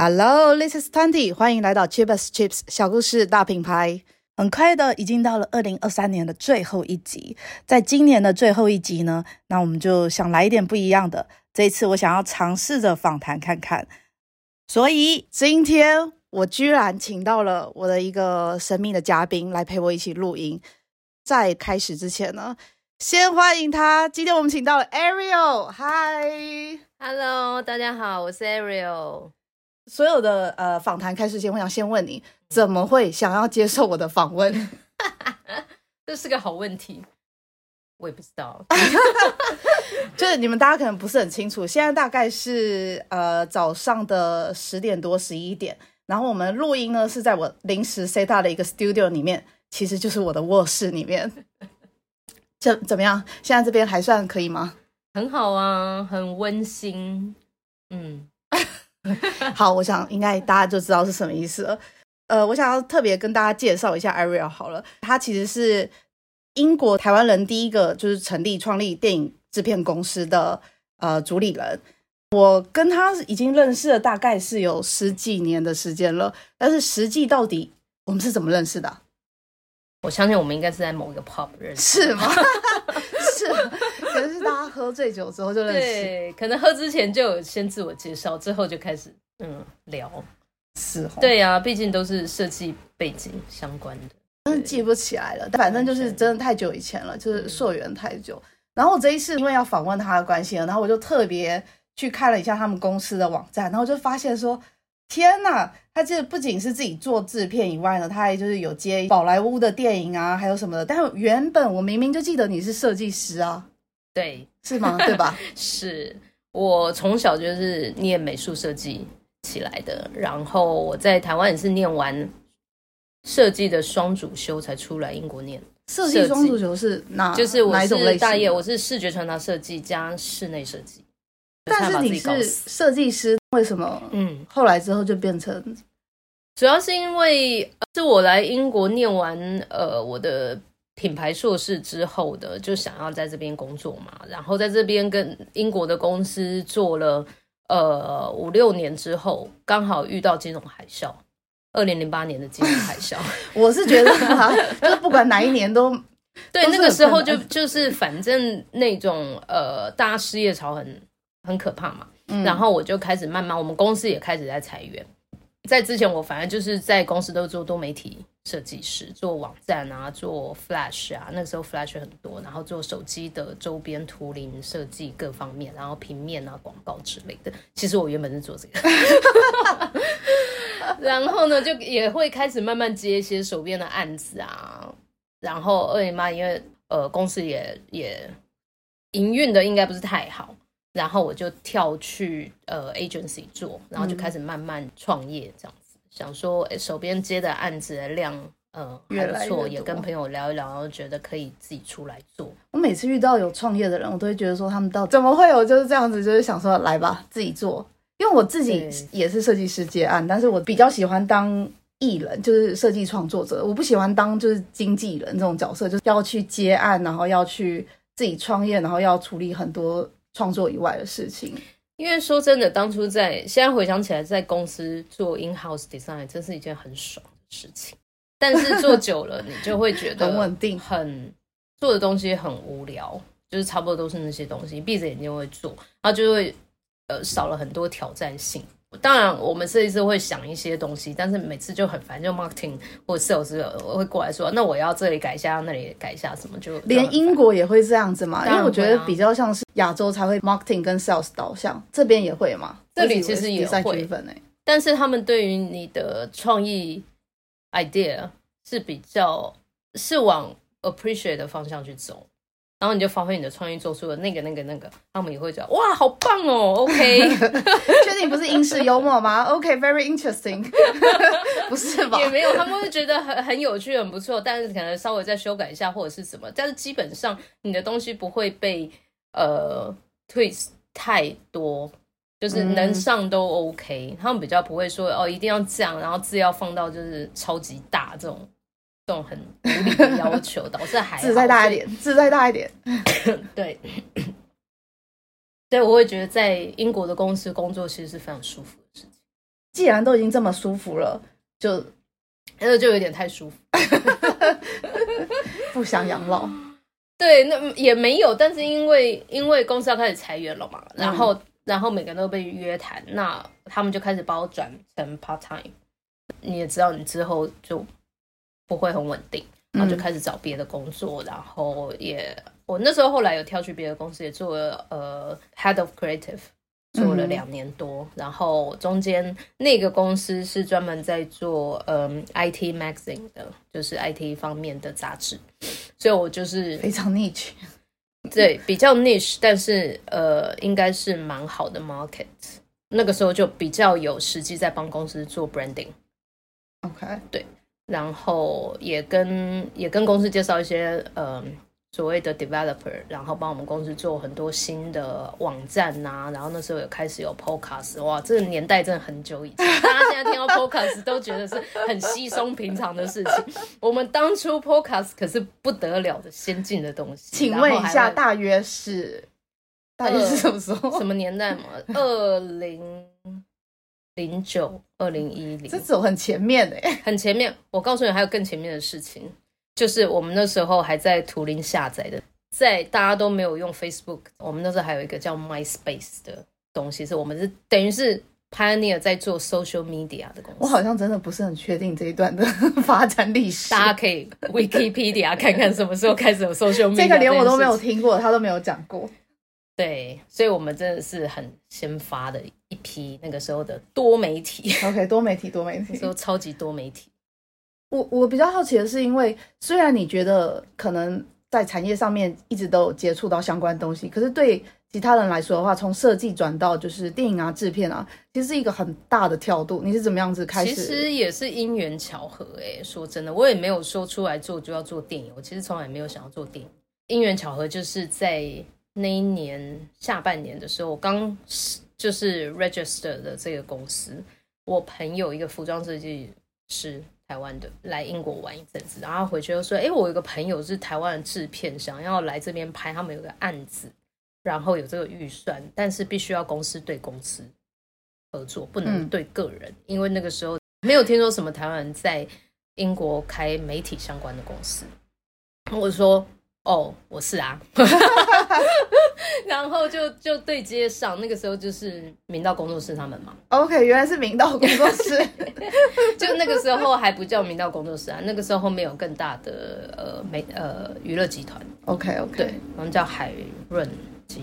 Hello，this is Tandy，歡迎來到 Cheap as Chips 小故事大品牌。很快的，已經到了二零二三年的最後一集。在今年的最後一集呢，那我們就想來一點不一樣的。這一次，我想要嘗試着訪談看看。所以今天我居然請到了我的一個神秘的嘉賓來陪我一起錄音。在開始之前呢，先歡迎他。今天我們請到了 Ariel，Hi，Hello，大家好，我是 Ariel。所有的呃訪談開始前，我想先問你，怎麼會想要接受我的訪問？這是個好問題，我也不知道。 就是你們大家可能不是很清楚，現在大概是呃早上的十點多十一點，然後我們錄音呢是在我臨時 set up 的一個 studio 裡面，其實就是我的臥室裡面。這怎麼樣？現在這邊還算可以嗎？很好啊，很溫馨。嗯。 好，我想應該大家就知道是什麼意思了。呃，我想要特別跟大家介紹一下 Ariel 好了，他其實是英國台灣人第一個就是成立創立電影製片公司的呃主理人。我跟他已經認識了大概是有十幾年的時間了，但是實際到底我們是怎麼認識的？我相信我們應該是在某一個 pub 認識，是嗎？ 是。可 能是大家喝醉酒之後就認識，對，可能喝之前就有先自我介紹，之後就開始聊嗯聊，是對呀、啊，畢竟都是設計背景相關的，真、嗯、記不起來了。但反正就是真的太久以前了，就是溯源太久、嗯。然後我這一次因為要訪問他的關係了，然後我就特別去看了一下他們公司的網站，然後就發現說，天哪，他這不僅是自己做制片以外呢，他還就是有接寶萊塢的電影啊，還有什麼的。但是原本我明明就記得你是設計師啊。對，是嗎？對吧？ 是我從小就是念美術設計起來的，然後我在台灣也是念完設計的雙主修才出來英國念。設計雙主修是哪？就是我是大我是視覺傳達設計加室內設計。但是告你是設計師，為什麼？嗯，後來之後就變成、嗯、主要是因為是我來英國念完呃我的。品牌碩士之後的就想要在這邊工作嘛，然後在這邊跟英國的公司做了呃五六年之後，剛好遇到金融海嘯，二零零八年的金融海嘯， 我是覺得哈， 就是不管哪一年都， 都對那個時候就就是反正那種呃大失業潮很很可怕嘛， 嗯、然後我就開始慢慢，我們公司也開始在裁員。在之前，我反正就是在公司都是做多媒體設計師，做網站啊，做 Flash 啊，那個時候 Flash 很多，然後做手機的周邊圖靈設計各方面，然後平面啊廣告之類的。其實我原本是做這個。 然後呢，就也會開始慢慢接一些手邊的案子啊。然後二姨媽因為呃公司也也營運的應該不是太好。然後我就跳去呃 agency 做，然後就開始慢慢創業這樣子，嗯、想說手邊接的案子的量呃越來越多，也跟朋友聊一聊，然後覺得可以自己出來做。我每次遇到有創業的人，我都會覺得說他們到底怎麼會有就是這樣子，就是想說來吧，自己做。因為我自己也是設計師接案，但是我比較喜歡當藝人，就是設計創作者。我不喜歡當就是經紀人這種角色，就是要去接案，然後要去自己創業，然後要處理很多。創作以外的事情，因為說真的，當初在現在回想起來，在公司做 in house design 真是一件很爽的事情。但是做久了，你就會覺得很穩 定，很做的東西很無聊，就是差不多都是那些東西，你閉着眼睛會做，然後就會呃少了很多挑戰性。當然，我們設計師會想一些東西，但是每次就很煩，就 marketing 或者 sales 我會過來說，那我要這裡改一下，要那裡改一下，什麼就，就連英國也會這樣子嘛？然啊、因為我覺得比較像是亞洲才會 marketing 跟 sales 導向，這邊也會嘛、嗯？這裡其實也再區分誒，但是他們對於你的創意 idea 是比較是往 appreciate 的方向去走。然後你就發揮你的創意，做出了那個、那個、那個，他們也會覺得哇，好棒哦、喔，OK，確 定不是英式幽默嗎？OK，very、okay, interesting， 不是吧？也沒有，他們會覺得很很有趣，很不錯，但是可能稍微再修改一下或者是什麼，但是基本上你的東西不會被呃 twist 太多，就是能上都 OK，嗯、他們比較不會說哦，一定要這樣，然後字要放到就是超級大這種。這種很無理的要求的，致孩子字再大一點，字再大一點。 對，所以 我會覺得在英國的公司工作其實是非常舒服的事情。既然都已經這麼舒服了，就那就有點太舒服， 不想養老、嗯。對，那也沒有，但是因為因為公司要開始裁員了嘛，嗯、然後然後每個人都被約談，那他們就開始把我轉成 part-time。你也知道，你之後就。不會很穩定，然後就開始找別的工作，嗯、然後也我那時候後來有跳去別的公司，也做了呃 head of creative，做了兩年多、嗯，然後中間那個公司是專門在做嗯、呃、IT magazine 的，就是 IT 方面的雜誌，所以我就是非常 niche，對，比較 niche，但是呃應該是蠻好的 market，那個時候就比較有實際在幫公司做 branding，OK、okay。對。然後也跟也跟公司介紹一些嗯，所謂的 developer，然後幫我們公司做很多新的網站吶、啊。然後那時候有開始有 podcast，哇，這個、年代真的很久以前，大家現在聽到 podcast 都覺得是很稀鬆平常的事情。我們當初 podcast 可是不得了的先進的東西。請問一下，大約是大約是什麼時候？什麼年代嘛？二零。零九二零一零，這走很前面的，欸，很前面。我告訴你，還有更前面的事情，就是我們那時候還在圖靈下載的，在大家都沒有用 Facebook，我們那時候還有一個叫 MySpace 的東西，是我們是等於是 Pioneer 在做 Social Media 的公司。我好像真的不是很確定這一段的發展歷史， 大家可以 Wikipedia 看看什麼時候開始有 Social Media。 這個連我都沒有聽過，他都沒有講過。對，所以，我們真的是很先發的一批，那個時候的多媒體。OK，多媒體，多媒體，那時候超級多媒體。我我比較好奇的是，因為雖然你覺得可能在產業上面一直都有接觸到相關東西，可是對其他人來說的話，從設計轉到就是電影啊、制片啊，其實是一個很大的跳度。你是怎麼樣子開始？其實也是因緣巧合、欸。哎，說真的，我也沒有說出來做就要做電影。我其實從來沒有想要做電影。因緣巧合，就是在。那一年下半年的時候，我剛就是 register 的這個公司，我朋友一個服裝設計師，台灣的來英國玩一陣子，然後回去又說，哎、欸，我有一個朋友是台灣的制片想要來這邊拍，他們有個案子，然後有這個預算，但是必須要公司對公司合作，不能對個人，嗯、因為那個時候沒有聽說什麼台灣在英國開媒體相關的公司，我就說。哦、oh，我是啊， 然後就就對接上，那個時候就是明道工作室他們嘛。OK，原來是明道工作室， 就那個時候還不叫明道工作室啊，那個時候後面有更大的呃美呃娛樂集團。OK OK，對，我們叫海潤集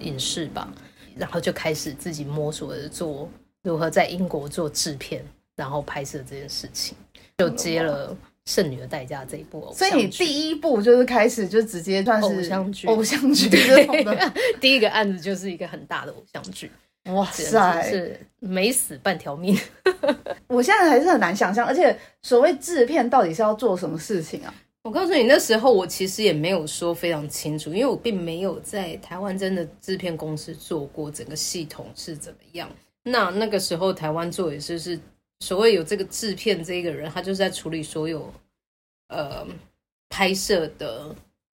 影視吧，然後就開始自己摸索著做如何在英國做製片，然後拍攝這件事情，就接了。剩女的代價這一部，所以你第一部就是開始就直接算是偶像劇，偶像劇 第一個案子就是一個很大的偶像劇，哇塞，是沒死半條命 。我現在還是很難想象，而且所謂製片到底是要做什麼事情啊？我告訴你，那時候我其實也沒有說非常清楚，因為我並沒有在台灣真的製片公司做過整個系統是怎麼樣。那那個時候台灣做也是是所謂有這個製片這一個人，他就是在處理所有。呃，拍攝的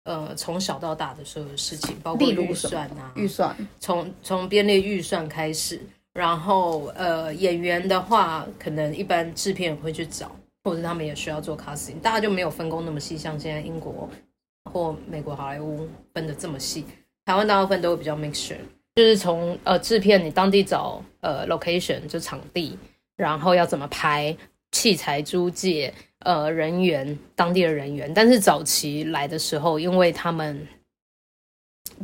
呃，從小到大的所有事情，包括預算啊，預算，從從編列預算開始，然後呃，演員的話，可能一般製片會去找，或者他們也需要做 casting，大家就沒有分工那麼細，像現在英國或美國好萊塢分得這麼細，台灣大部分都會比較 mixed，就是從呃製片你當地找呃 location 就場地，然後要怎麼拍，器材租借。呃，人員當地的人員，但是早期來的時候，因為他們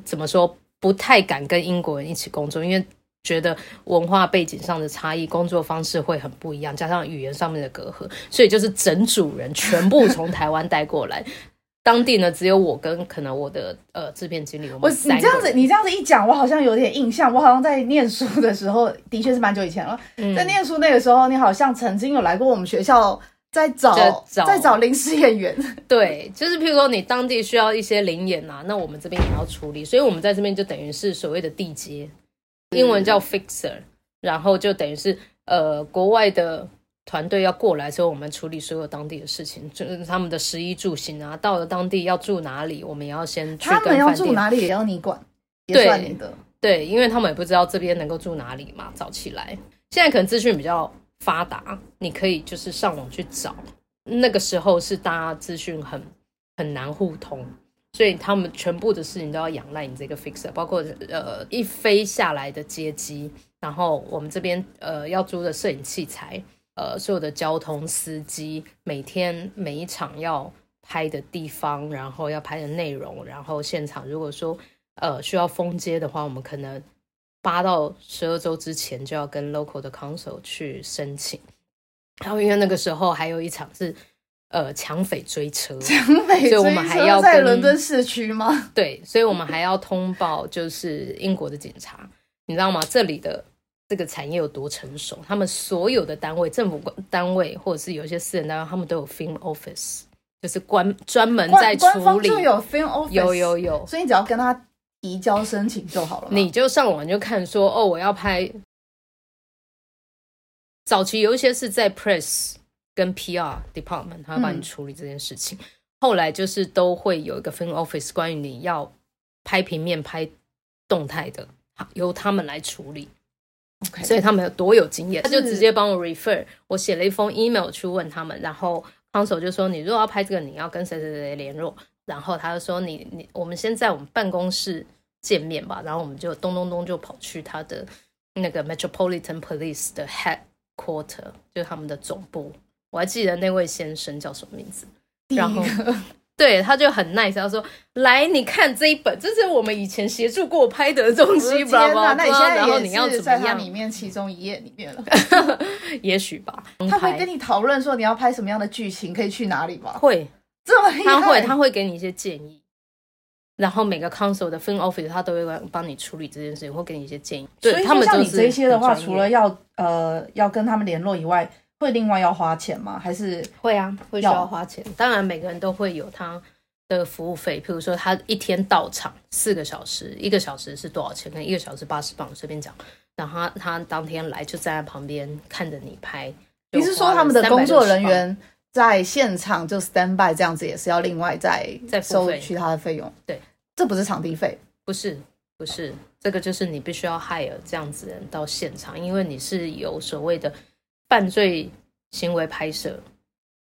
怎麼說不太敢跟英國人一起工作，因為覺得文化背景上的差異，工作方式會很不一樣，加上語言上面的隔閡，所以就是整組人全部從台灣帶過來。 當地呢，只有我跟可能我的呃製片經理有沒有？我你這樣子，你這樣子一講，我好像有點印象，我好像在念書的時候，的確是蠻久以前了，嗯。在念書那個時候，你好像曾經有來過我們學校。在找在找臨時演員，對，就是譬如說你當地需要一些臨演吶、啊，那我們這邊也要處理，所以我們在這邊就等於是所謂的地接，英文叫 fixer、嗯、然後就等於是呃國外的團隊要過來之後，我們處理所有當地的事情，就是他們的食衣住行啊，到了當地要住哪裡，我們也要先去跟他們要住哪裡也要你管，對的，對，因為他們也不知道這邊能夠住哪裡嘛，早起來，現在可能資訊比較。發達，你可以就是上網去找。那個時候是大家資訊很很難互通，所以他們全部的事情都要仰賴你這個 fixer。包括呃一飛下來的接機，然後我們這邊呃要租的攝影器材，呃所有的交通司機，每天每一場要拍的地方，然後要拍的內容，然後現場如果說呃需要封街的話，我們可能。八到十二周之前就要跟 local 的 council 去申請，然後因為那個時候還有一場是呃搶匪追車，搶匪追車，所以我們還要在倫敦市區嗎？對，所以我們還要通報就是英國的警察，你知道嗎？這裡的這個產業有多成熟？他們所有的單位，政府單位或者是有一些私人單位，他們都有 film office，就是官專門在處理，官方就有 film office，有有有，所以你只要跟他。移交申請就好了，你就上網就看說哦，我要拍。早期有一些是在 press 跟 PR department，他要幫你處理這件事情。嗯。後來就是都會有一個 film office 關於你要拍平面、拍動態的，由他們來處理。OK，所以他們有多有經驗，他就直接幫我 refer。我寫了一封 email 去問他們，然後幫手就說你如果要拍這個，你要跟誰誰誰聯絡。然後他就說你：“你你，我們先在我們辦公室見面吧。”然後我們就咚咚咚就跑去他的那個 Metropolitan Police 的 headquarters，就是他們的總部。我還記得那位先生叫什麼名字。然後對，他就很 nice，他說：“來，你看這一本，這是我們以前協助過拍的東西。呃”吧。天哪，那你現在也是在他裡面其中一頁裡面了？ 也許吧。他會跟你討論說你要拍什麼樣的劇情，可以去哪裡嗎？會。這麼厲害他會，他會給你一些建議，然後每個 council 的 film office 他都會幫你處理這件事情，或給你一些建議。所以對他們，像你這些的話，除了要呃要跟他們聯絡以外，會另外要花錢嗎？還是會啊，會需要花錢。當然，每個人都會有他的服務費。譬如說，他一天到場四個小時，一個小時是多少錢？一個小時八十磅，隨便講。然後他,他當天來就站在旁邊看着你拍。你是說他們的工作人員？在現場就 stand by 這樣子也是要另外再再收取他的費用費。對，這不是場地費，不是，不是，這個就是你必須要 hire 這樣子人到現場，因為你是有所謂的犯罪行為拍攝，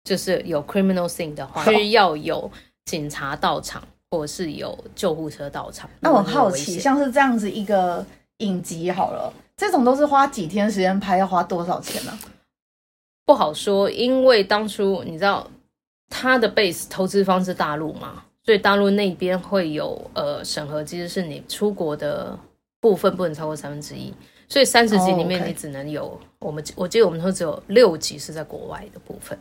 就是有 criminal scene 的話，需、哦、要有警察到場或者是有救護車到場。那我好奇很，像是這樣子一個影集好了，這種都是花幾天時間拍，要花多少錢呢、啊？不好說，因為當初你知道他的 base 投資方是大陸嘛，所以大陸那邊會有呃審核，其實是你出國的部分不能超過三分之一，所以三十集裡面你只能有我們、oh, okay. 我記得我們說只有六集是在國外的部分，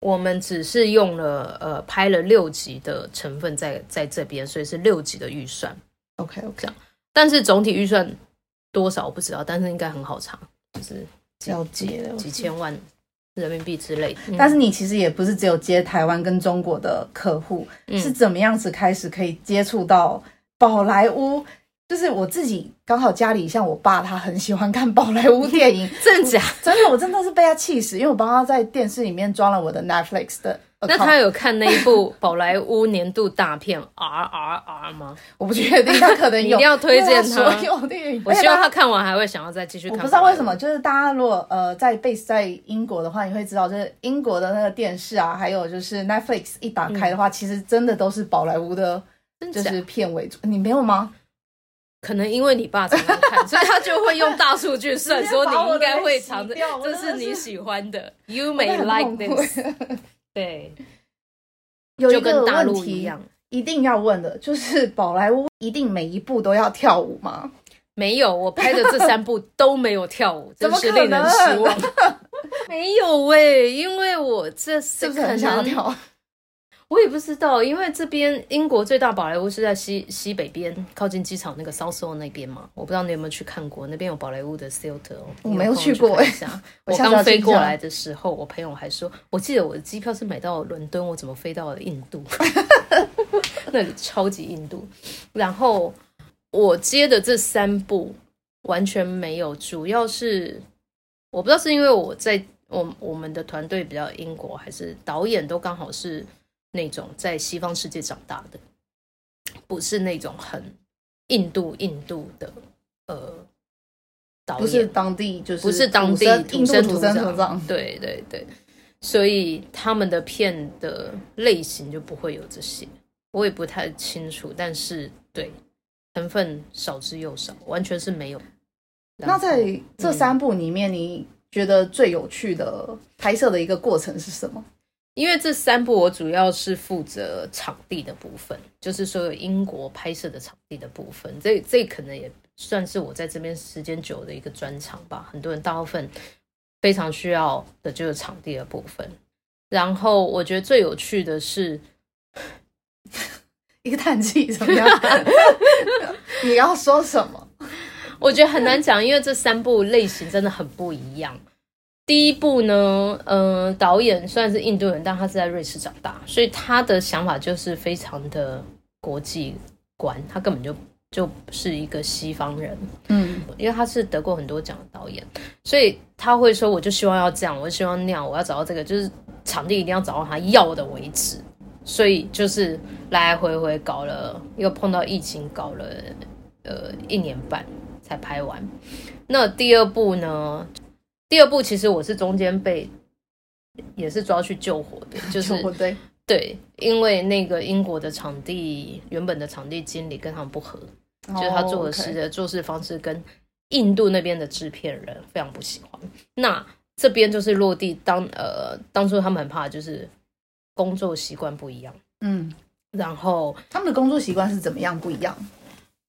我們只是用了呃拍了六集的成分在在這邊，所以是六集的預算。OK OK，這樣，但是總體預算多少我不知道，但是應該很好查，就是。交接幾千萬人民幣之類、嗯，但是你其實也不是只有接台灣跟中國的客戶、嗯，是怎麼樣子開始可以接觸到寶萊塢？就是我自己剛好家裡像我爸，他很喜歡看寶萊塢電影， 真假？真的，我真的是被他氣死，因為我幫他，在電視裡面裝了我的 Netflix 的。那他有看那一部寶萊塢年度大片 R R R 嗎？我不確定，他可能有 一定要推薦他，他有電影。我希望他看完還會想要再繼續看，看有有。不知道為什麼，就是大家如果呃在 base 在英國的話，你會知道，就是英國的那個電視啊，還有就是 Netflix 一打開的話，嗯、其實真的都是寶萊塢的，就是片為主。你沒有嗎？可能因為你爸常常看， 所以他就會用大數據算說 你,你應該會藏着，這是你喜歡的。的 you may like this. 對，就跟大陸一樣，一定要問的，就是寶萊塢一定每一部都要跳舞嗎？沒有，我拍的這三部都沒有跳舞，真， 是令人失望。 沒有喂、欸，因為我這、就是、很想要跳.我也不知道，因為這邊英國最大寶萊塢是在西西北邊，靠近機場那個 Southall 那邊嘛。我不知道你有沒有去看過，那邊有寶萊塢的 s i l t e。我沒有去過、欸，我剛飛過來的時候，我朋友還說，我，我記得我的機票是買到倫敦，我怎麼飛到了印度？ 那裡超級印度。然後我接的這三部完全沒有，主要是我不知道是因為我在我我們的團隊比較英國，還是導演都剛好是。那種在西方世界長大的，不是那種很印度印度的呃導演，不是當地就是不是當地土生土長，對對對，所以他們的片的類型就不會有這些，我也不太清楚，但是對成分少之又少，完全是沒有。那在這三部裡面，嗯，你覺得最有趣的拍攝的一個過程是什麼？因為這三部我主要是負責場地的部分，就是所有英國拍攝的場地的部分，這這可能也算是我在這邊時間久的一個專長吧，很多人大部分非常需要的就是場地的部分。然後我覺得最有趣的是一個嘆氣。怎麼樣？你要說什麼？我覺得很難講，因為這三部類型真的很不一樣。第一部呢，呃，導演雖然是印度人，但他是在瑞士長大，所以他的想法就是非常的國際觀，他根本就就是一個西方人，嗯，因為他是得過很多獎的導演，所以他會說，我就希望要這樣，我就希望那樣，我要找到這個，就是場地一定要找到他要的為止，所以就是來來回回搞了，又碰到疫情，搞了呃一年半才拍完。那第二部呢？第二部其實我是中間被，也是抓去救火的呵呵，就是救火隊。對，因為那個英國的場地原本的場地經理跟他們不合，哦、就是他做的事的、okay、做事的方式跟印度那邊的制片人非常不喜歡。那這邊就是落地當呃，當初他們很怕就是工作習慣不一樣。嗯，然後他們的工作習慣是怎麼樣不一樣？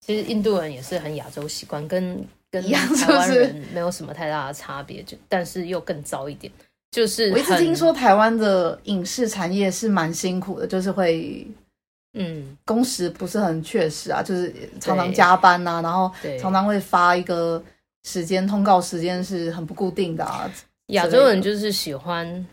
其實印度人也是很亞洲習慣跟。跟亞洲人沒有什麼太大的差別，就，是、就但是又更糟一點。就是我一直聽說台灣的影視產業是蠻辛苦的，就是會，嗯，工時不是很確實啊，就是常常加班吶、啊，然後常常會發一個時間通告，時間是很不固定的、啊。亞洲人就是喜歡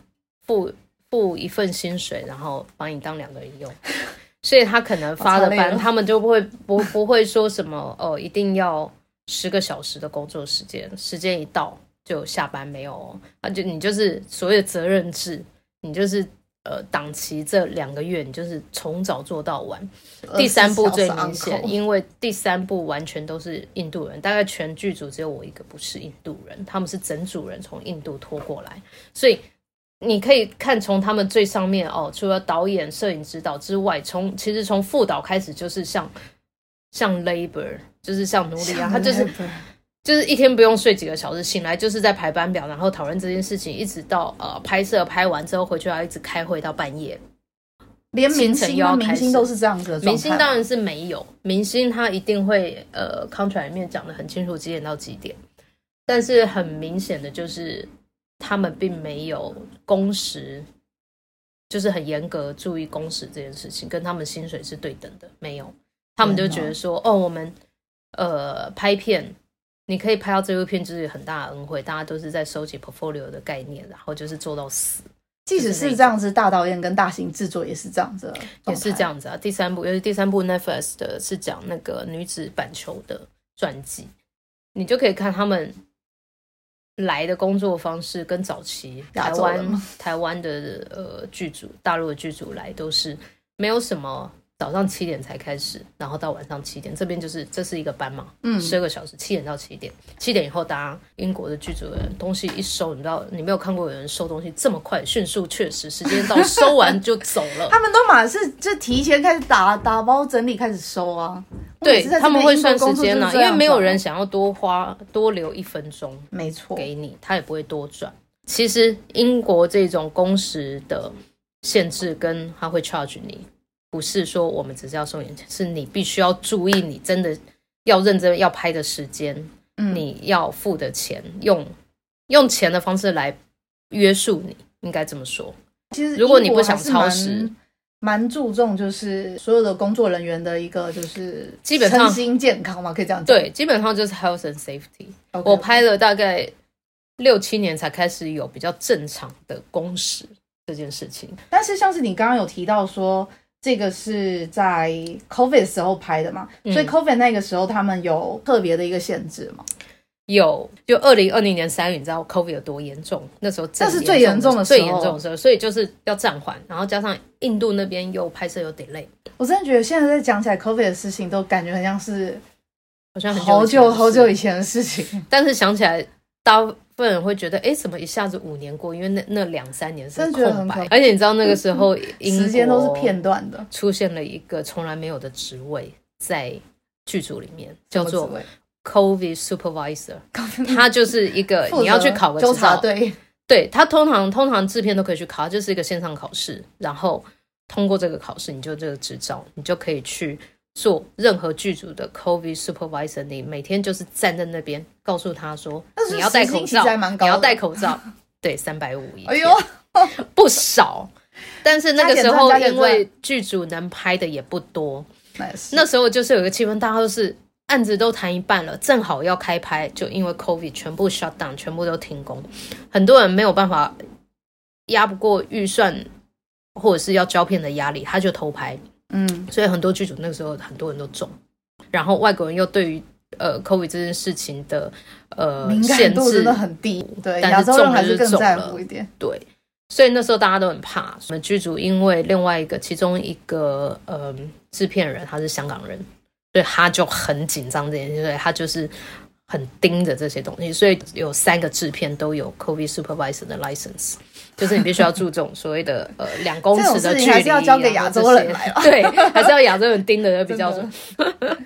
付付一份薪水，然後把你當兩個人用， 所以他可能發了班，他們就不會不不會說什麼哦，一定要。十個小時的工作時間，時間一到就下班，沒有、哦。而就你就是所謂的責任制，你就是呃，檔期這兩個月，你就是從早做到晚。第三部最明顯，Uncle. 因為第三部完全都是印度人，大概全劇組只有我一個不是印度人，他們是整組人從印度拖過來，所以你可以看從他們最上面哦，除了導演、攝影指導之外，從其實從副導開始就是像像 Labor。就是像奴隸啊，他就是就是一天不用睡幾個小時，醒來就是在排班表，然後討論這件事情，一直到呃拍攝拍完之後回去要一直開會到半夜，連明星啊，明星都是這樣子。明星當然是沒有，明星他一定會呃 contract 裡面講得很清楚幾點到幾點，但是很明顯的就是他們並沒有工時，就是很嚴格注意工時這件事情，跟他們薪水是對等的，沒有，他們就覺得說哦我們。呃，拍片，你可以拍到這部片就是很大的恩惠。大家都是在收集 portfolio 的概念，然後就是做到死。即使是這樣子，大導演跟大型製作也是這樣子，也是這樣子啊。第三部也是第三部 Netflix 的是講那個女子板球的傳記，你就可以看他們來的工作方式，跟早期台灣台灣的呃劇組、大陸的劇組來都是沒有什麼。早上七點才開始，然後到晚上七點，這邊就是這是一個班嘛，嗯，十二個小時，嗯，七點到七點，七點以後，大家英國的劇組的人東西一收，你知道，你沒有看過有人收東西這麼快，迅速確實時間到收完就走了。 他們都馬是就提前開始打打包整理，開始收啊。 對他們會算時間呢，啊，因為沒有人想要多花多留一分鐘，沒錯，給你他也不會多賺。其實英國這種工時的限制跟他會 charge 你。不是說我們只是要收錢，是你必須要注意，你真的要認真要拍的時間，嗯，你要付的錢，用用錢的方式來約束你，應該這麼說。其實，如果你不想超時，蠻注重就是所有的工作人員的一個就是基本上身心健康嘛，可以這樣講。對，基本上就是 health and safety。Okay, okay. 我拍了大概六七年才開始有比較正常的工時這件事情，但是像是你剛剛有提到說，這個是在 COVID 的時候拍的嘛？嗯、所以 COVID 那個時候他們有特別的一個限制嗎？有，就二零二零年三月，你知道 COVID 有多嚴重？那時候這是最嚴重的、最嚴重的時候，所以就是要暫緩。然後加上印度那邊又拍攝又 delay，我真的覺得現在在講起來 COVID 的事情，都感覺好像是好像好久好久以前的事情。事情 但是想起來，到部分人會覺得，哎、欸，怎麼一下子五年過？因為那那兩三年是空白是，而且你知道那個時候時間都是片段的，出現了一個從來沒有的職位在劇組裡面，叫做 COVID supervisor，他就是一個你要去考個執照，對，他通常通常制片都可以去考，就是一個線上考試，然後通過這個考試，你就這個執照，你就可以去。做任何劇組的 COVID supervisor 你每天就是站在那邊告訴他說是是：“你要戴口罩，你要戴口罩。”對，三百五一哎呦 不少。但是那個時候，因為劇組能拍的也不多，那時候就是有個氣氛大號，大家都是案子都談一半了，正好要開拍，就因為 COVID 全部 shutdown，全部都停工，很多人沒有辦法壓不過預算或者是要膠片的壓力，他就偷拍。嗯，所以很多劇組那個時候很多人都中，然後外國人又對於呃 COVID 這件事情的呃敏感度真的很低，對、呃，但是中了就中了，對，所以那時候大家都很怕。我們劇組因為另外一個，其中一個呃製片人他是香港人，所以他就很緊張這件事情，所以他就是。很盯着這些東西，所以有三個製片都有 COVID supervisor 的 license，就是你必須要注重所謂的 呃兩公尺的距離，這種事你還是要交給亞洲人來， 然後這些。對，還是要亞洲人盯的人比較準 真的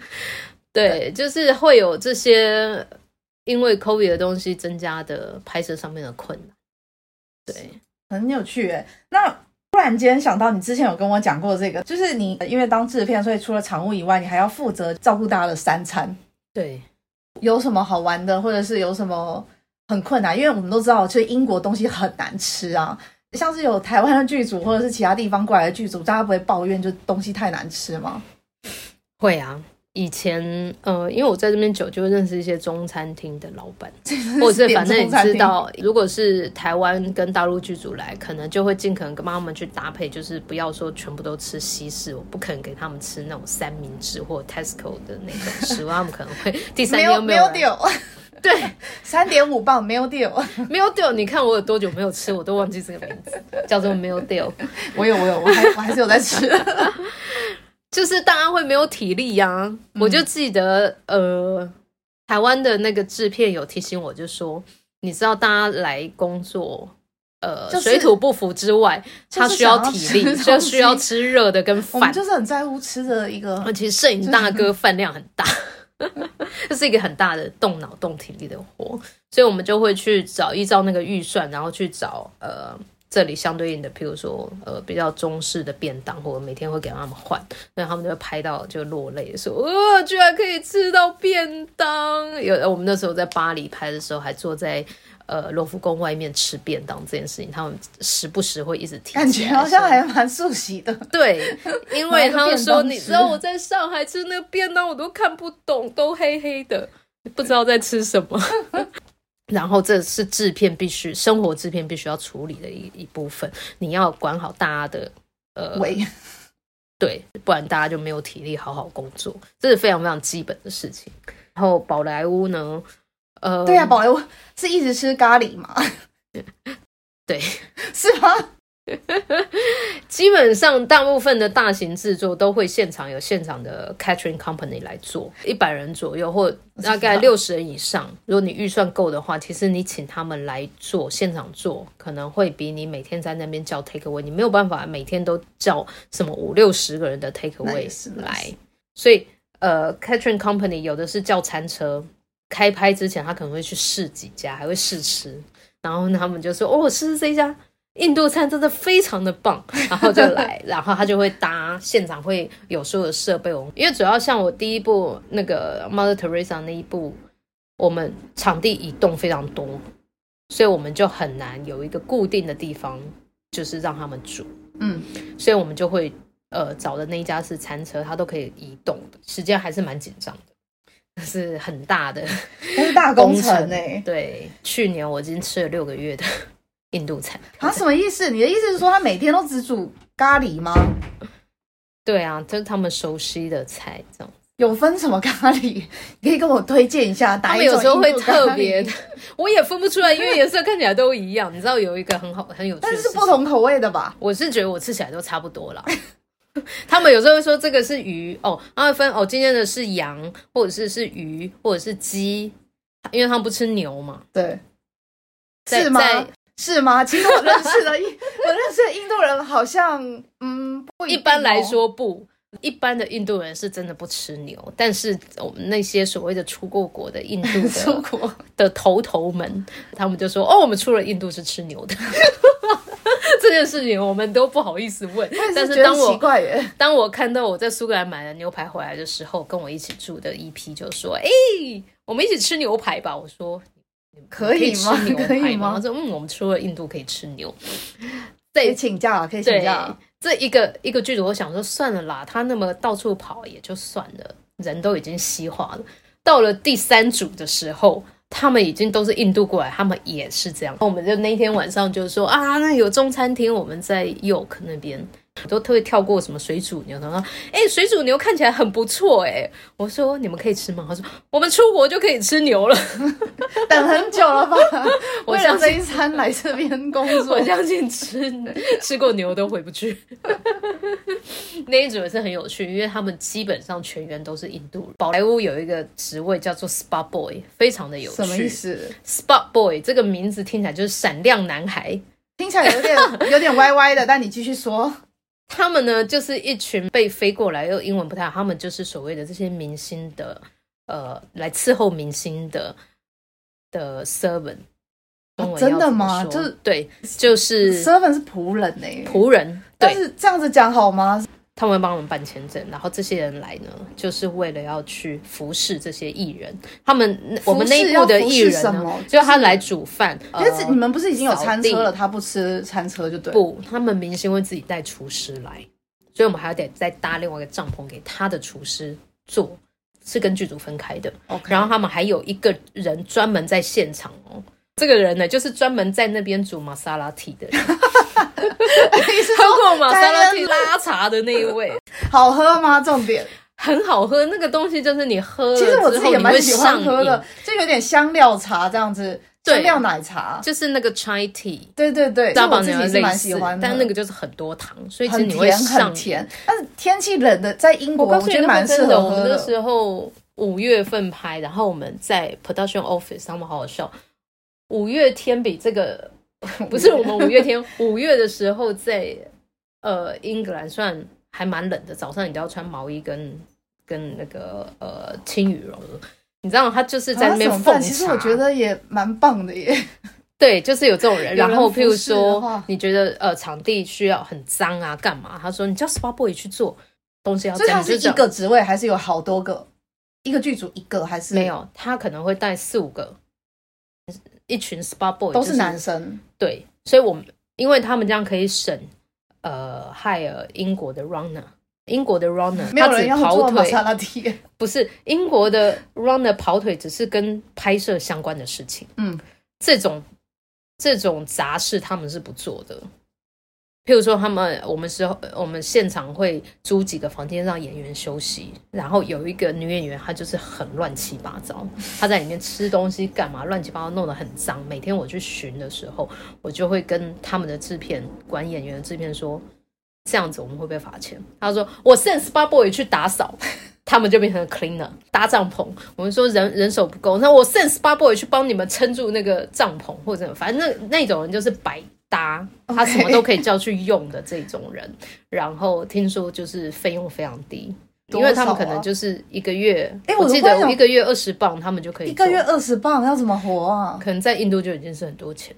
對，就是會有這些因為 COVID 的東西增加的拍攝上面的困難。對，很有趣哎。那突然間想到，你之前有跟我講過這個，就是你因為當製片，所以除了場務以外，你還要負責照顧大家的三餐。對。有什麼好玩的，或者是有什麼很困難？因為我們都知道，其實英國東西很難吃啊。像是有台灣的劇組，或者是其他地方過來的劇組，大家不會抱怨就東西太難吃嗎？會啊。以前，呃，因為我在這邊久，就認識一些中餐廳的老板，或者是反正你知道， 如果是台灣跟大陸劇組來，可能就會盡可能跟媽媽們去搭配，就是不要說全部都吃西式，我不肯給他們吃那種三明治或 Tesco 的那種食，食物，他們可能會第三天沒， 沒，沒有 deal， 對， 三點五磅沒有 deal， 沒有 deal，你看我有多久沒有吃，我都忘記這個名字叫做沒有 deal， 我有我有，我還我還是有在吃。 就是大家會沒有體力呀，啊嗯，我就記得，呃，台灣的那個製片有提醒我，就說你知道大家來工作，呃，就是，水土不服之外，就是，他需要體力，就，是、要就需要吃熱的跟飯。就是很在乎吃的一個，其實攝影大哥飯量很大，這、就是、 是一個很大的動腦動體力的活，所以我們就會去找依照那個預算，然後去找呃。這裡相對應的，譬如說，呃，比較中式的便當，或者每天會給他們換，所以他們就會拍到就落淚，說，哦，居然可以吃到便當。有我們那時候在巴黎拍的時候，還坐在呃羅浮宮外面吃便當這件事情，他們時不時會一直提。感覺好像還蠻熟悉的。的對，因為他們說， 你知道我在上海吃那個便當，我都看不懂，都黑黑的，不知道在吃什麼。 然後這是製片必須，生活製片必須要處理的一一部分，你要管好大家的呃，胃，對，不然大家就沒有體力好好工作，這是非常非常基本的事情。然後寶萊塢呢，呃，對呀，啊，寶萊塢是一直吃咖喱嗎？對，是嗎？ 基本上，大部分的大型製作都會現場有現場的 Catering Company 來做，一百人左右或大概六十人以上。如果你預算夠的話，其實你請他們來做現場做，可能會比你每天在那邊叫 takeaway，你沒有辦法每天都叫什麼五六十個人的 takeaway 來。所以呃，呃，Catering Company 有的是叫餐車，開拍之前他可能會去試幾家，還會試吃，然後他們就說：“哦，試試這一家。”印度餐真的非常的棒，然後就來， 然後他就會搭現場會有所有的設備。哦，因為主要像我第一部那個 Mother Teresa 那一部，我們場地移動非常多，所以我們就很難有一個固定的地方，就是讓他們煮。嗯，所以我們就會呃找的那一家是餐車，它都可以移動的。時間還是蠻緊張的，但是很大的，是大工程哎、 欸。對，去年我已經吃了六個月的。印度菜啊？什麼意思？你的意思是說他每天都只煮咖喱嗎？對啊，就是他們熟悉的菜，這樣。有分什麼咖喱？你可以跟我推薦一下一。他們有時候會特別的，我也分不出來， 因為顏色看起來都一樣。你知道有一個很好 很有趣，但是是不同口味的吧？我是覺得我吃起來都差不多了。 他們有時候會說這個是魚哦，然後分哦，今天的是羊，或者是是魚，或者是雞，因為他們不吃牛嘛。對，是嗎？是嗎？其實我認識的印， 我認識的印度人好像，嗯，不一定哦、一般來說不一般的印度人是真的不吃牛，但是我們那些所謂的出過國的印度的 的頭頭們，他們就說哦，我們出了印度是吃牛的， 這件事情我們都不好意思問。但是覺得奇怪耶，但是當我，當我看到我在蘇格蘭買了牛排回來的時候，跟我一起住的 EP 就說，哎、欸，我們一起吃牛排吧。我說。可以嗎？可以嗎？我說：“嗯，我們除了印度可以吃牛，得請教啊，可以請教。請教對”這一個一個劇組，我想說算了啦，他那麼到處跑也就算了，人都已經西化了。到了第三組的時候，他們已經都是印度過來，他們也是這樣。我們就那天晚上就說啊，那有中餐廳，我們在 York 那邊。都特別跳過什麼水煮牛的，他說：“哎、欸，水煮牛看起來很不錯。”哎，我說：“你們可以吃嗎？”他說：“我們出國就可以吃牛了。 ”等很久了吧？ 我相信來這邊工作，相信吃 相信吃，吃過牛都回不去。 那一組也是很有趣，因為他們基本上全員都是印度人。寶萊塢有一個職位叫做 Spa Boy，非常的有趣。什麼意思？Spa Boy 這個名字聽起來就是閃亮男孩，聽起來有點有點歪歪的。但你繼續說。他們呢，就是一群被飛過來，又英文不太好。他們就是所謂的這些明星的，呃，來伺候明星的的 servant。啊，真的嗎？就是對，就是 servant 是僕人呢，欸，僕人，對。但是這樣子講好嗎？他們會幫我們辦簽證，然後這些人來呢，就是為了要去服侍這些藝人。他們我們內部的藝人就就他來煮飯。因為、呃、你們不是已經有餐車了，他不吃餐車就對了。不，他們明星會自己帶廚師來，所以我們還要得再搭另外一個帳篷給他的廚師做，是跟劇組分開的。Okay. 然後他們還有一個人專門在現場哦，這個人呢，就是專門在那邊煮瑪薩拉茶的人。 喝過嗎？沙拉蒂拉茶的那一位，好喝嗎？重點很好喝，那個東西就是你喝了之後，其實我自己也蠻喜歡喝的，就有點香料茶這樣子對，香料奶茶，就是那個 chai tea。對對對，就我自己是蠻喜歡的。但那個就是很多糖，所以其實很甜很甜。但是天氣冷的，在英國我覺得蠻適合的。我,我們的時候五月份拍，然後我們在 production office，他們好好笑。五月天比這個。 不是我們五月天五， 月的時候在呃英格蘭算還蠻冷的，早上你都要穿毛衣跟跟那個呃輕羽絨，你知道他就是在那邊奉茶、啊，其實我覺得也蠻棒的耶。對，就是有這種人。 人然後譬如說，你覺得呃場地需要很髒啊，幹嘛？他說你叫 spot boy 去做東西要，這樣，所以他是一個職位還是有好多個？ 一個劇組一個還是沒有？他可能會帶四五個。一群 spot boy 都是男生，就是，對，所以我們因為他們這樣可以省，呃，hire 英國的 runner，英國的 runner 他只跑腿，不是，英國的 runner 跑腿只是跟拍攝相關的事情，嗯，這種這種雜事他們是不做的。譬如說，他們我們時候我們現場會租幾個房間讓演員休息，然後有一個女演員，她就是很亂七八糟，她在裡面吃東西幹嘛，亂七八糟弄得很髒。每天我去巡的時候，我就會跟他們的製片管演員的製片說，這樣子我們會不會罰錢？他說我 send spot boy 去打掃，他們就變成 cleaner 搭帳篷。我們說人人手，不夠，那我 send spot boy 去幫你們撐住那個帳篷或者怎麼，反正那，那種人就是白。他什麼都可以叫去用的這種人，然後聽說就是費用非常低，因為他們可能就是一個月，我記得我一個月二十磅，他們就可以一個月二十磅要怎麼活啊？可能在印度就已經是很多錢，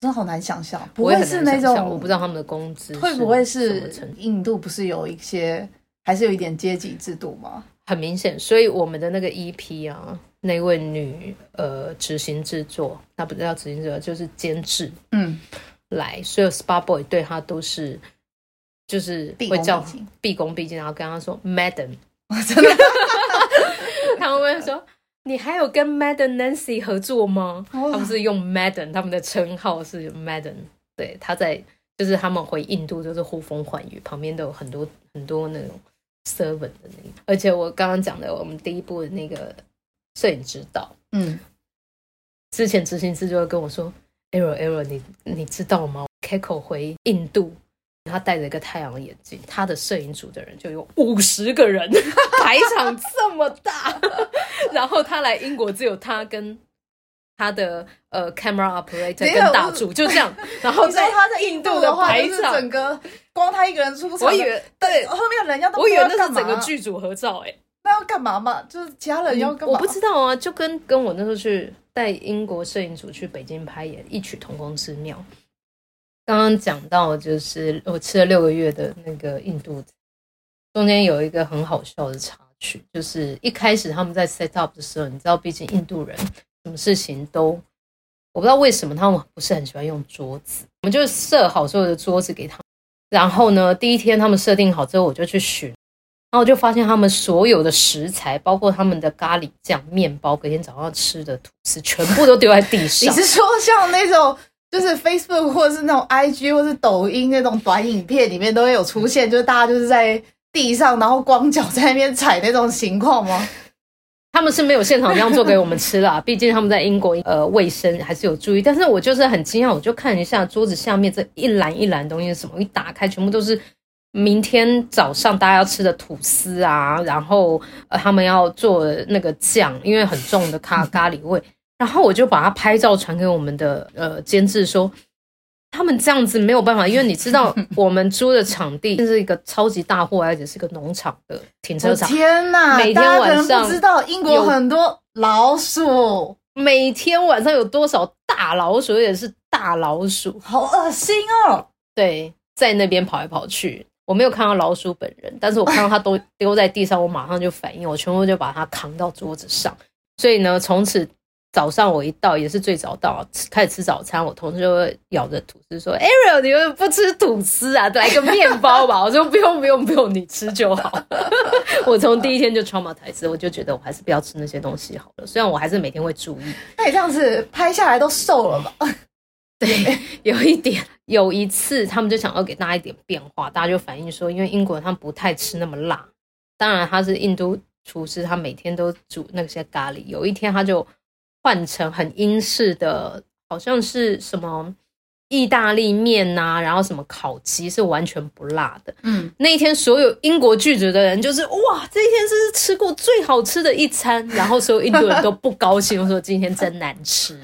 真的好難想象，不會是那種我不知道他們的工資會不會是印度不是有一些還是有一點階級制度嗎？很明顯，所以我們的那個 EP 啊。那位女呃，執行製作，那不叫執行製作，就是監製。嗯，來，所以有 Spot Boy 對她都是就是會叫畢恭畢敬，然後跟她說 Madam。我真的， 他們問說：“你還有跟 Madam Nancy 合作嗎？” oh. 他們是用 Madam，他們的稱號是 Madam。對，他在就是他們回印度就是呼風喚雨，嗯、旁邊都有很多很多那種 servant 的那種、個。而且我剛剛講的我們第一部的那個。攝影指導，嗯，之前執行制就會跟我說，error error，你你知道嗎？Keko 回印度，他戴着一個太陽眼鏡，他的攝影組的人就有五十個人， 排場這麼大。 然後他來英國，只有他跟他的呃 camera operator 跟大組就這樣。 然後在的他在印度的排場，的話整個光他一個人出場，我以為對,以為對後面人家，我以為那是整個劇組合照、欸那要幹嘛嘛？就是加了要幹嘛？我不知道啊，就跟跟我那時候去帶英國攝影組去北京拍也異曲同工之妙。剛剛講到，就是我吃了六個月的那個印度菜，中間有一個很好笑的插曲，就是一開始他們在 set up 的時候，你知道，畢竟印度人什麼事情都我不知道為什麼他們不是很喜歡用桌子，我們就設好所有的桌子給他們。然後呢，第一天他們設定好之後，我就去尋。然後我就發現，他們所有的食材，包括他們的咖喱醬、麵包，隔天早上吃的吐司，全部都丟在地上。 你是說像那種，就是 Facebook 或者是那種 IG 或者是抖音那種短影片裡面都會有出現，就是大家就是在地上，然後光腳在那邊踩那種情況嗎？他們是沒有現場這樣做給我們吃啦， 畢竟他們在英國，呃，衛生還是有注意。但是我就是很驚訝，我就看一下桌子下面這一籃一籃東西是什麼，一打開全部都是。明天早上大家要吃的吐司啊，然後、呃、他們要做那個醬，因為很重的咖咖喱味。 然後我就把它拍照傳給我們的呃監製說，他們這樣子沒有辦法，因為你知道我們租的場地是一個超級大戶外，而且是一個農場的停車場。哦、天哪！每天晚上大家可能不知道英國有有很多老鼠， 每天晚上有多少大老鼠而且是大老鼠，好噁心哦。對，在那邊跑來跑去。我沒有看到老鼠本人，但是我看到它都丟在地上，我馬上就反應，我全部就把它扛到桌子上。所以呢，從此早上我一到，也是最早到，開始吃早餐，我同事就會咬着吐司說：“Ariel，你又不吃吐司啊，來個麵包吧。 ”我說：“不用，不用，不用，你吃就好。 ”我從第一天就 traumatized，我就覺得我還是不要吃那些東西好了。雖然我還是每天會注意。那你這樣子拍下來都瘦了吧？對，有一點。 有一次，他們就想要給大家一點變化，大家就反映說，因為英國人他們不太吃那麼辣。當然，他是印度廚師，他每天都煮那些咖喱。有一天，他就換成很英式的，好像是什麼意大利麵吶、啊，然後什麼烤雞是完全不辣的。嗯，那一天所有英國劇組的人就是哇，這一天是吃過最好吃的一餐。然後，所有印度人都不高興， 我說今天真難吃。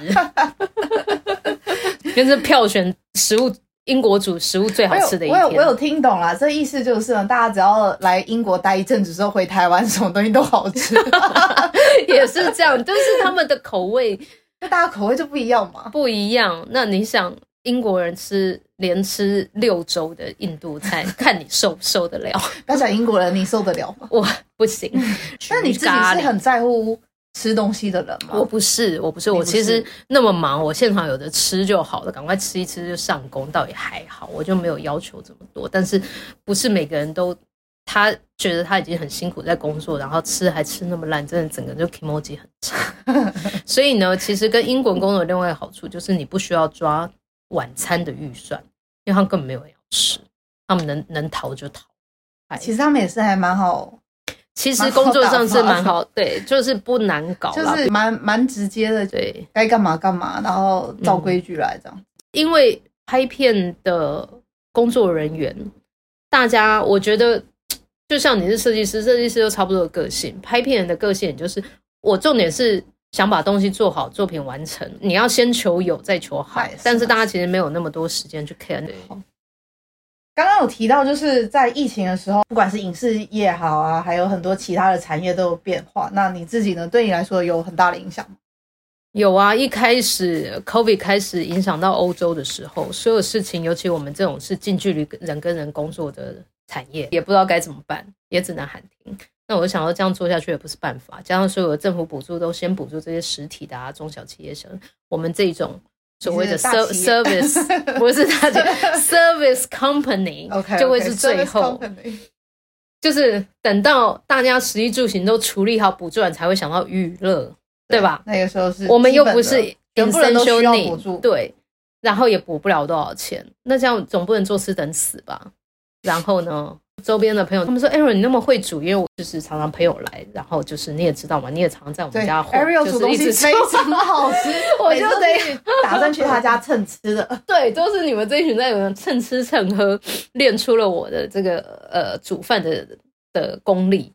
就是票選食物，英國煮食物最好吃的一天。我有我有聽懂啦。這意思就是呢，大家只要來英國待一陣子之後回台灣，什麼東西都好吃。 也是這樣，就是他們的口味，那大家口味就不一樣嘛。不一樣。那你想，英國人吃連吃六周的印度菜，看你受不受得了。 不要講英國人，你受得了嗎？我不行。那、嗯、你自己是很在乎，吃東西的人嗎？我不是，我不是，不是，我其實那麼忙，我現場有的吃就好了，趕快吃一吃就上工，倒也還好，我就沒有要求這麼多。但是不是每個人都他覺得他已經很辛苦在工作，然後吃還吃那麼爛，真的整個就 kimoji 很差。 所以呢，其實跟英國工作的另外一個好處就是你不需要抓晚餐的預算，因為他們根本沒有要吃，他們能能逃就逃。其實他們也是還蠻好。其實工作上是蠻好，就是蠻，對，就是不難搞，就是蠻蠻直接的，對，該幹嘛幹嘛，然後照規矩來這樣，嗯。因為拍片的工作人員，大家我覺得就像你是設計師，設計師都差不多的個性，拍片人的個性就是我重點是想把東西做好，作品完成，你要先求有，再求好。是啊，但是大家其實沒有那麼多時間去 care，對剛剛有提到，就是在疫情的時候，不管是影視業好啊，還有很多其他的產業都有變化。那你自己呢？對你來說有很大的影響嗎？有啊，一開始 COVID 開始影響到歐洲的時候，所有事情，尤其我們這種是近距離人跟人工作的產業，也不知道該怎麼辦，也只能喊停。那我想到這樣做下去也不是辦法，加上所有的政府補助都先補助這些實體的啊，中小企業生，我們這種。所謂的 serv service 是 不是他的 service company 就會是最後，okay, okay, 就是等到大家食衣住行都處理好補助才會想到娛樂，對吧？那個時候是我們又不是 essential need 要補助，對，然後也補不了多少錢，那這樣總不能坐吃等死吧？然後呢？ 周邊的朋友，他們說：“Ariel，你那麼會煮，因為我就是常常朋友來，然後就是你也知道嘛，你也常在我們家。就是、Ariel 煮東西非常好吃， 我就得、是、打算去他家蹭吃的。 對，都是你們這一群在有人蹭吃蹭喝，練出了我的這個呃煮飯的的功力。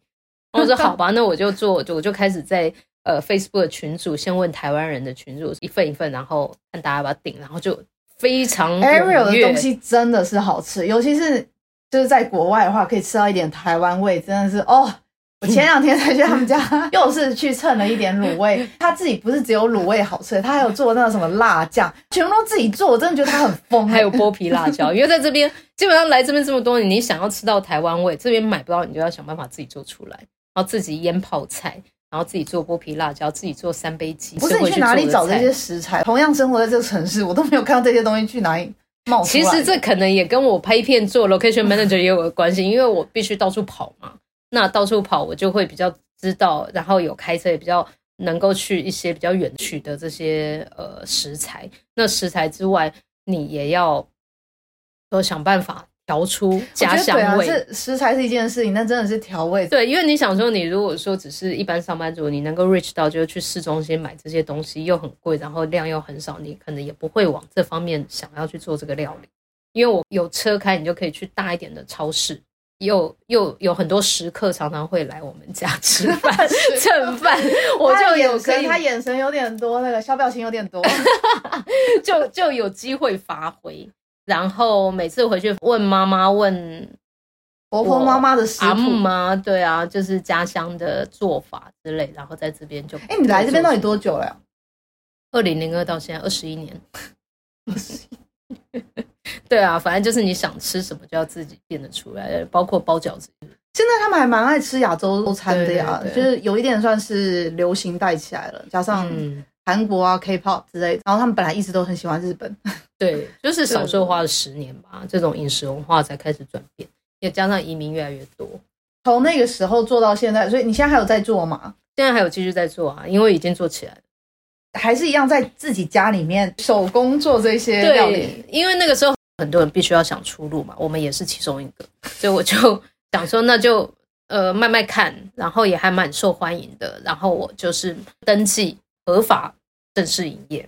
然後我說好吧， 那我就做，我就，我就開始在呃 Facebook 群組先問台灣人的群組一份一份，然後看大家把它頂，然後就非常 Ariel 的東西真的是好吃，尤其是。”就是在國外的話，可以吃到一點台灣味，真的是哦！我前兩天才去他們家，嗯嗯、又是去蹭了一點滷味。 他自己不是只有滷味好吃，他還有做那個什麼辣醬，全部都自己做。我真的覺得他很瘋。還有剝皮辣椒，因為在這邊，基本上來這邊這麼多年，你想要吃到台灣味，這邊買不到，你就要想辦法自己做出來。然後自己醃泡菜，然後自己做剝皮辣椒，自己做三杯雞。不是去你去哪裡找這些食材？同樣生活在這個城市，我都沒有看到這些東西去哪裡。其實這可能也跟我拍片做 location manager 也有關係， 因為我必須到處跑嘛。那到處跑，我就會比較知道，然後有開車也比較能夠去一些比較遠去的這些呃食材。那食材之外，你也要多想辦法。調出家鄉味，這食材是一件事情，但真的是調味。對，因為你想說，你如果說只是一般上班族，你能夠 reach 到，就是去市中心買這些東西又很貴，然後量又很少，你可能也不會往這方面想要去做這個料理。因為我有車開，你就可以去大一點的超市，又又有很多食客常常會來我們家吃飯蹭飯。我就眼神，他眼神有點多，那個小表情有點多 就，就就有機會發揮。 然後每次回去問媽媽問婆婆媽媽的食譜嗎？對啊，就是家鄉的做法之類。然後在這邊就……哎、欸，你來這邊到底多久了呀？二零零二到現在二十一年。二十一年。對啊，反正就是你想吃什麼就要自己變得出來，包括包餃子。現在他們還蠻愛吃亞洲餐的呀，對對對，就是有一點算是流行帶起來了，加上、嗯。韓國啊，K-pop 之類的，然後他們本來一直都很喜歡日本，對，就是少說花了十年吧，這種飲食文化才開始轉變，也加上移民越來越多，從那個時候做到現在，所以你現在還有在做嗎？現在還有繼續在做啊，因為已經做起來了，還是一樣在自己家裡面手工做這些料理，對，因為那個時候很多人必須要想出路嘛，我們也是其中一個，所以我就想說那就呃賣賣看，然後也還蠻受歡迎的，然後我就是登記。合法正式營業，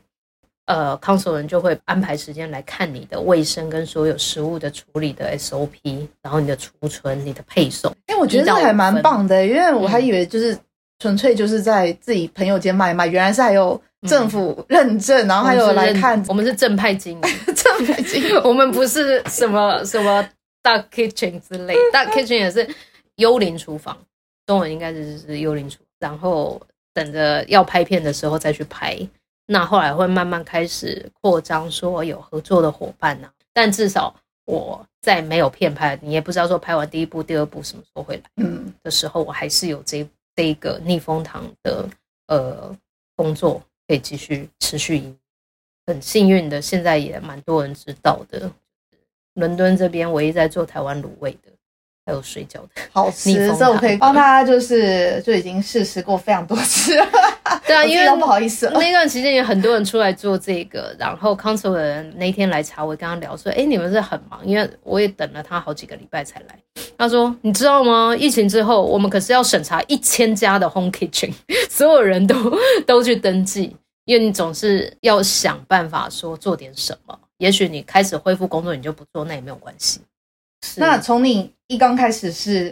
呃，Council 人就會安排時間來看你的衛生跟所有食物的處理的 SOP，然後你的儲存、你的配送。哎、欸，我覺得這還蠻棒的，因為我還以為就是純粹就是在自己朋友間買賣、嗯，原來是還有政府認證，嗯、然後還有來看、嗯、我們是正派經營， 正派經營 我們不是什麼什麼大 kitchen 之類的， 大 kitchen 也是幽靈廚房，中文應該是是幽靈廚房，然後。等着要拍片的時候再去拍，那後來會慢慢開始擴張，說有合作的夥伴啊，但至少我在沒有片拍，你也不知道說拍完第一部、第二部什麼時候會來嗯的時候，我還是有這這一個逆風堂的呃工作可以繼續持續。很幸運的，現在也蠻多人知道的。倫敦這邊唯一在做台灣滷味的。還有水餃的，好吃，這我可以幫他，就是 就已經試吃過非常多次了。對啊，因為不好意思，那段時間也有很多人出來做這個。 然後 Council 的人那一天來查，我跟他聊說：“哎、欸，你們是很忙，因為我也等了他好幾個禮拜才來。”他說：“你知道嗎？疫情之後，我們可是要審查一千家的 home kitchen，所有人都都去登記，因為你總是要想辦法說做點什麼。也許你開始恢復工作，你就不做，那也沒有關係。”是，那從你一剛開始是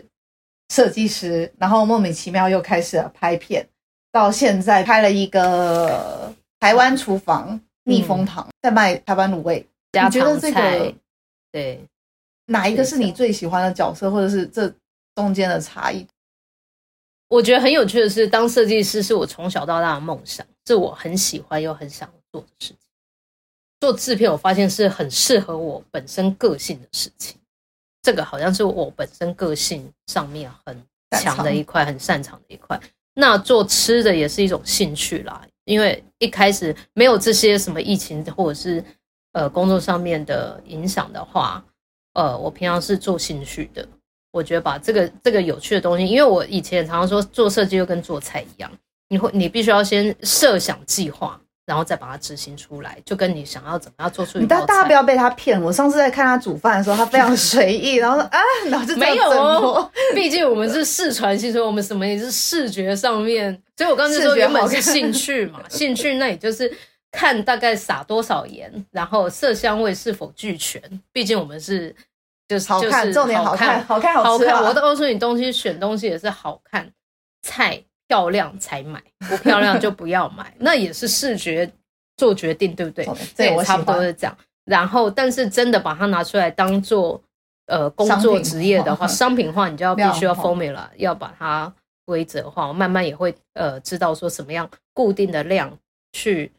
設計師，然後莫名其妙又開始了拍片，到現在拍了一個《台灣廚房逆風堂》，嗯，在賣台灣滷味。你覺得這個對哪一個是你最喜歡的角色，或者是這中間的差異？我覺得很有趣的是，當設計師是我從小到大的夢想，這我很喜歡又很想做的事情。做製片，我發現是很適合我本身個性的事情。這個好像是我本身個性上面很強的一塊，很擅長的一塊。那做吃的也是一種興趣啦，因為一開始沒有這些什麼疫情或者是呃工作上面的影響的話，呃，我平常是做興趣的。我覺得吧，這個這個有趣的東西，因為我以前常常說做設計就跟做菜一樣，你會你必須要先設想計劃，然後再把它執行出來，就跟你想要怎麼樣做出。你大家不要被他騙。我上次在看他煮飯的時候，他非常隨意， 然後說啊，老師沒有？哦。 畢竟我們是視傳系，所以我們什麼也是視覺上面。所以我剛才說，原本是興趣嘛，興趣那也就是看大概撒多少鹽， 然後色香味是否俱全。畢竟我們是就是就是好看，重點好看，好看，好看，好吃。我都告訴你東西選東西也是好看菜。漂亮才買，不漂亮就不要買， 那也是視覺做決定，對不對？對、oh，差不多是這樣。然後，但是真的把它拿出來當做呃工作職業的話，商品化，商品化你就要必須要 formula，要，要把它規則化。我慢慢也會呃知道說什麼樣固定的量去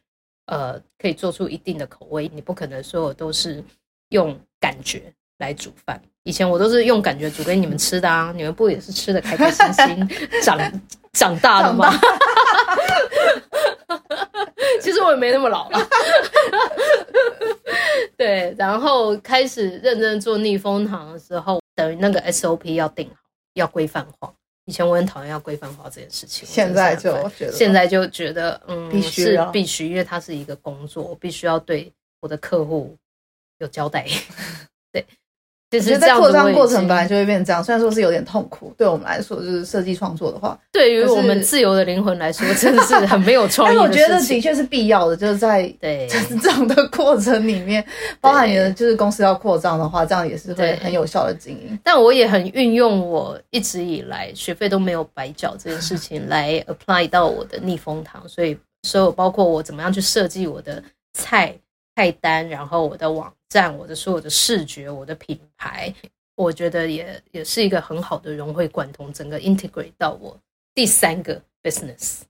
呃可以做出一定的口味。你不可能說我都是用感覺。來煮飯，以前我都是用感覺煮給你們吃的、啊，你們不也是吃的開開心心長長大，的長大了嗎？ 其實我也沒那麼老了、啊。 對，然後開始認真做逆風堂的時候，等於那個 SOP 要定好，要規範化。以前我很討厭要規範化這件事情，現在就覺得現在就覺得嗯，必須、啊、必須，因為它是一個工作，我必須要對我的客戶有交代。 就是、我是在擴張過程本來就會變這樣，雖然說是有點痛苦。對我們來說就是設計創作的話，對於我們自由的靈魂來說，真的是很沒有創意。但 我覺得這的確是必要的，就是在成長的過程裡面，包含的就是公司要擴張的話，這樣也是會很有效的經營。但我也很運用我一直以來學費都沒有白繳這件事情來 apply 到我的逆風堂，所以所有包括我怎麼樣去設計我的菜菜單，然後我的網。佔我的所有的視覺，我的品牌，我覺得也也是一個很好的融會貫通，整個 integrate 到我第三個 business。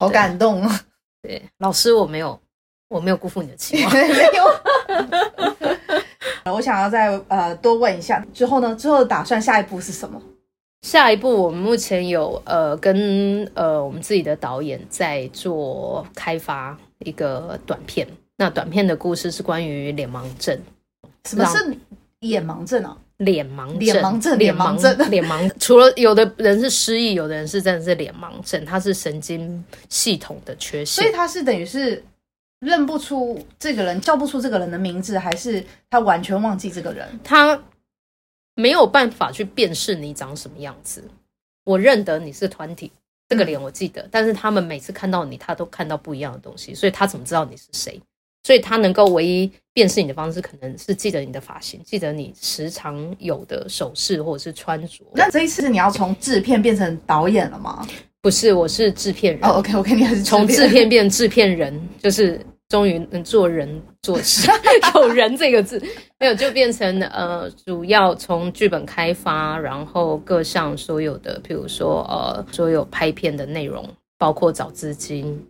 好感動啊！對，老師，我沒有，我沒有辜負你的情，沒有。我想要再呃多問一下，之後呢？之後打算，下一步是什麼？下一步，我們目前有呃跟呃我們自己的導演在做開發一個短片。那短片的故事是關於臉盲症。什麼是臉盲症啊？臉盲、臉盲症、臉盲症、臉盲。盲 除了有的人是失憶，有的人是真的是臉盲症，他是神經系統的缺陷，所以他是等於是認不出這個人，叫不出這個人的名字，還是他完全忘記這個人？他沒有辦法去辨識你長什麼樣子。我認得你是團體，這個臉我記得、嗯，但是他們每次看到你，他都看到不一樣的東西，所以他怎麼知道你是誰？所以他能夠唯一辨識你的方式，可能是記得你的髮型，記得你時常有的首飾或者是穿着。那這一次你要從製片變成導演了嗎？不是，我是製片人。哦，OK，我肯定還是從製片，片變成製片人，就是終於能做人做事。 有人這個字沒有，就變成呃，主要從劇本開發，然後各項所有的，譬如說呃，所有拍片的內容，包括找資金，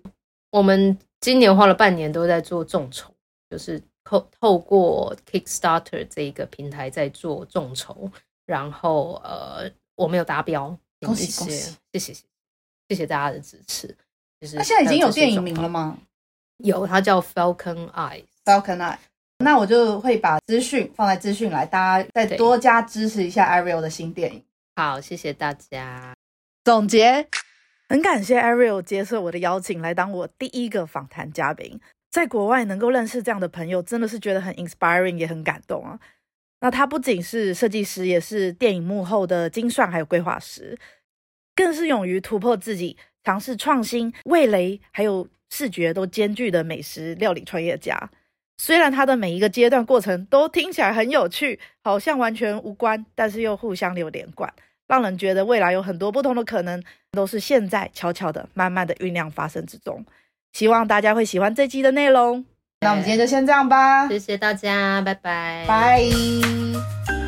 我們。今年花了半年都在做眾籌，就是透透過 Kickstarter 這個平台在做眾籌，然後呃，我沒有達標。恭喜恭喜，謝謝謝，謝謝大家的支持。就是現在已經有電影名了嗎？有，他叫 Falcon Eyes。Falcon Eyes，那我就會把資訊放在資訊來，大家再多加支持一下 Ariel 的新電影。好，謝謝大家。總結。很感謝 Ariel 接受我的邀請來當我第一個訪談嘉賓。在國外能夠認識這樣的朋友，真的是覺得很 inspiring，也很感動啊。那他不僅是設計師，也是電影幕後的精算還有規劃師，更是勇於突破自己、嘗試創新、味蕾還有視覺都兼具的美食料理創業家。雖然他的每一個階段過程都聽起來很有趣，好像完全無關，但是又互相有連貫。讓人覺得未來有很多不同的可能，都是現在悄悄的、慢慢的醞釀發生之中。希望大家會喜歡這期的內容。那我們今天就先這樣吧，謝謝大家，拜拜，拜。